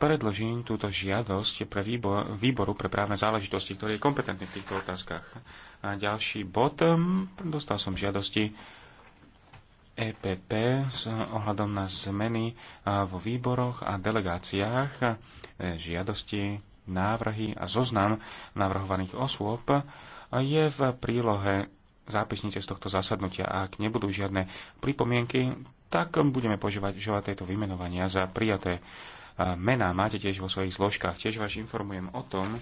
predložím túto žiadosť pre výbor, výboru pre právne záležitosti, ktorý je kompetentný v týchto otázkach. A ďalší bod, um, dostal som žiadosti EPP s ohľadom na zmeny vo výboroch a delegáciách, e, žiadosti, návrhy a zoznam navrhovaných osôb je v prílohe zápisnice z tohto zasadnutia ak nebudú žiadne pripomienky, tak budeme požívať tieto vymenovania za prijaté mená máte tiež vo svojich zložkách. Tiež vás informujem o tom,